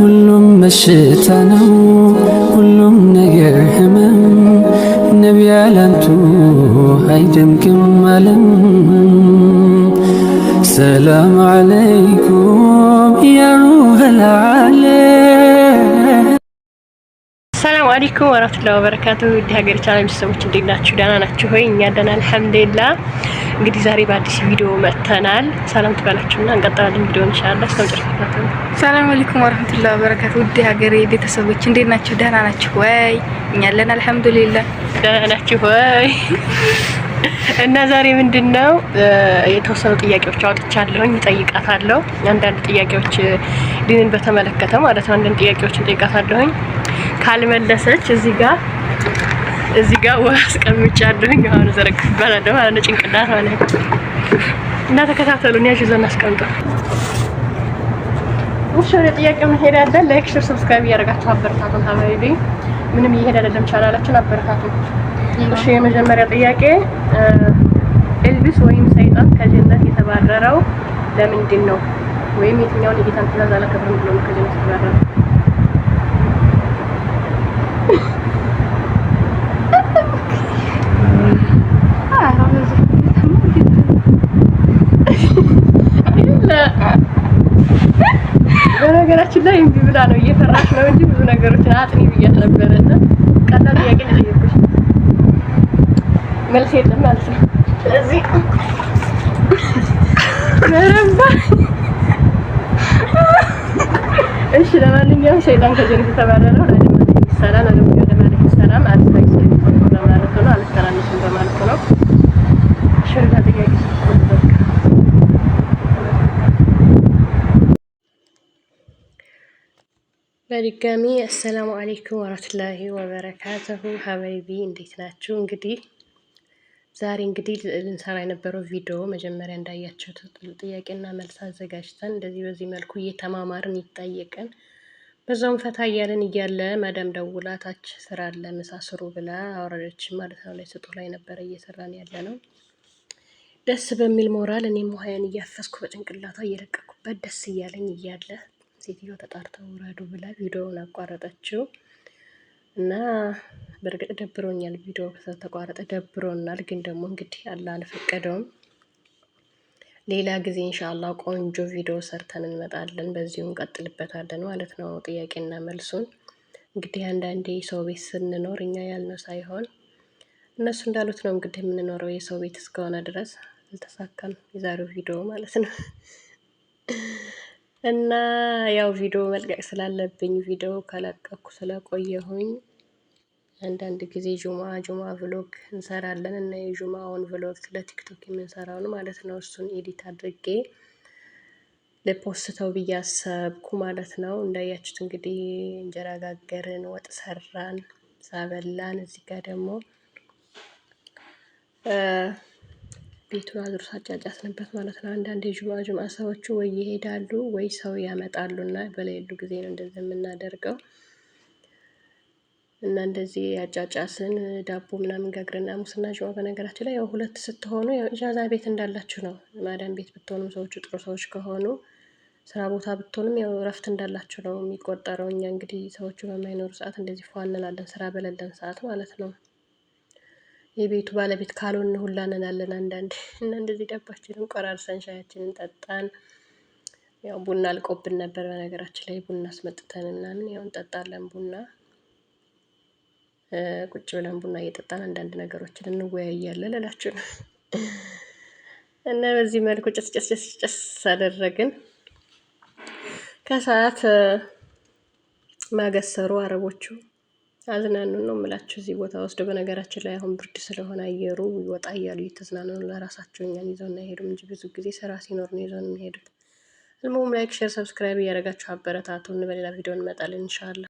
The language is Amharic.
ሁሉም በሽታ ነው፣ ሁሉም ነገር ህመም። ነቢ ያላንቱ አይደምቅም ዓለም። ሰላም አለይኩም ሰላም አለይኩም ወራህመቱላሂ ወበረካቱ ውድ ሀገሬ ቻናል ቤተሰቦች እንዴት ናችሁ? ደህና ናችሁ ሆይ? እኛ ደህና አልሐምዱሊላህ። እንግዲህ ዛሬ በአዲስ ቪዲዮ መጥተናል። ሰላም ትበላችሁና እንቀጥላለን ቪዲዮ ኢንሻአላህ። እስከመጨረሻው ሰላም አለይኩም ወራህመቱላሂ ወበረካቱ ውድ ሀገሬ ቤተሰቦች እንዴት ናችሁ? ደህና ናችሁ ወይ? እኛ አለን አልሐምዱሊላህ። ደህና ናችሁ ወይ? እና ዛሬ ምንድን ነው የተወሰኑ ጥያቄዎች አውጥቻለሁኝ፣ እጠይቃታለሁ። አንዳንድ ጥያቄዎች ዲንን በተመለከተ ማለት ነው። አንዳንድ ጥያቄዎችን እጠይቃታለሁኝ ካልመለሰች እዚህ ጋር እዚህ ጋር ውሃ አስቀምጫለሁኝ። አሁን ዘረግፍባል አለ ማለት ነው። ጭንቅላት ማለት ነው። እና ተከታተሉን። ያዥ ዘን አስቀምጠ ውሽ ወደ ጥያቄ እንሄዳለን። ላይክ፣ ሼር፣ ሰብስክራይብ እያደረጋችሁ አበረታቱን። ታማሪ ምንም ይሄድ አይደለም። ቻናላችን አበረታቱን። እሺ የመጀመሪያ ጥያቄ ኤልቪስ ወይም ሰይጣን ከጀነት የተባረረው ለምንድን ነው? ወይም የትኛውን የጌታን ትእዛዝ አላከብርም ብሎ ከጀነት የተባረረው? በነገራችን ላይ እምቢ ብላ ነው እየፈራሽ ነው እንጂ ብዙ ነገሮችን አጥኒ ብያት ነበረ እና ቀላል ጥያቄ ነው መልስ የለም ማለት ነው። ስለዚህ መረባ እሺ፣ ለማንኛውም ሸይጣን ከጀርፍ ተባረረ። ወደ ማለት ሰላም፣ ወደ ማለት ሰላም አስተካክል በድጋሚ አሰላሙ አሌይኩም ወረህመቱላሂ ወበረካቱሁ ሀበይቢ እንዴት ናችሁ? እንግዲህ ዛሬ እንግዲህ ልንሰራ የነበረው ቪዲዮ መጀመሪያ እንዳያቸው ጥያቄና መልስ አዘጋጅተን እንደዚህ በዚህ መልኩ እየተማማርን ይጠየቀን በዛውም ፈታ እያለን እያለ መደም ደውላታች ስራ አለ ምሳ ስሩ ብላ አወረደችን ማለት ነው። ላይ ስጡ ላይ ነበረ እየሰራን ያለ ነው። ደስ በሚል ሞራል እኔም ውሀያን እያፈስኩ በጭንቅላቷ እየለቀኩበት ደስ እያለኝ እያለ ሴትዮ ተጣርተው ውረዱ ብላ ቪዲዮውን አቋረጠችው እና በእርግጥ ደብሮኛል። ቪዲዮ ተቋረጠ ደብሮናል። ግን ደግሞ እንግዲህ አላ አልፈቀደውም። ሌላ ጊዜ እንሻላ ቆንጆ ቪዲዮ ሰርተን እንመጣለን። በዚሁ እንቀጥልበታለን ማለት ነው። ጥያቄና መልሱን እንግዲህ አንዳንዴ የሰው ቤት ስንኖር እኛ ያልነው ሳይሆን እነሱ እንዳሉት ነው። እንግዲህ የምንኖረው የሰው ቤት እስከሆነ ድረስ አልተሳካም የዛሬው ቪዲዮ ማለት ነው። እና ያው ቪዲዮ መልቀቅ ስላለብኝ ቪዲዮ ከለቀኩ ስለቆየሁኝ አንዳንድ ጊዜ ጁማ ጁማ ቭሎግ እንሰራለን እና የጁማውን ቭሎግ ለቲክቶክ የምንሰራውን ማለት ነው። እሱን ኤዲት አድርጌ ለፖስተው ብዬ አሰብኩ ማለት ነው። እንዳያችሁት እንግዲህ እንጀራ ጋገርን፣ ወጥ ሰራን፣ ሳበላን። እዚህ ጋር ደግሞ ቤቱን አድሮ ሳጫጫስንበት ማለት ነው። አንዳንድ የጁማ ጁማ ሰዎቹ ወይ ይሄዳሉ ወይ ሰው ያመጣሉ እና በሌሉ ጊዜ ነው እንደዚህ የምናደርገው እና እንደዚህ ያጫጫስን ዳቦ ምናምን ጋግርና ሙስና ጅማ በነገራችን ላይ ያው ሁለት ስትሆኑ ያው ኢጃዛ ቤት እንዳላችሁ ነው። ማዳም ቤት ብትሆኑም ሰዎቹ ጥሩ ሰዎች ከሆኑ ስራ ቦታ ብትሆንም ያው እረፍት እንዳላችሁ ነው የሚቆጠረው። እኛ እንግዲህ ሰዎቹ በማይኖሩ ሰዓት እንደዚህ ፏ እንላለን፣ ስራ በሌለን ሰዓት ማለት ነው። የቤቱ ባለቤት ካልሆን ሁላ እንላለን አንዳንድ እና እንደዚህ ዳባችንን ቆራርሰን ሻያችንን ጠጣን። ያው ቡና አልቆብን ነበር በነገራችን ላይ ቡና አስመጥተን ምናምን ያው እንጠጣለን። ቡና ቁጭ ብለን ቡና እየጠጣን አንዳንድ ነገሮችን እንወያያለን እላችሁ ነው። እና በዚህ መልኩ ጭስ ጭስ ጭስ ጭስ አደረግን። ከሰዓት ማገሰሩ አረቦቹ አዝናኑ ነው የምላችሁ እዚህ ቦታ ወስዶ። በነገራችን ላይ አሁን ብርድ ስለሆነ አየሩ ወጣ እያሉ የተዝናኑ ለራሳቸው እኛን ይዘው አይሄዱም እንጂ ብዙ ጊዜ ስራ ሲኖር ነው ይዘው የሚሄዱት። ህልሞም ላይክ፣ ሼር፣ ሰብስክራይብ እያደረጋችሁ አበረታቱን። በሌላ ቪዲዮ እንመጣለን ኢንሻላህ።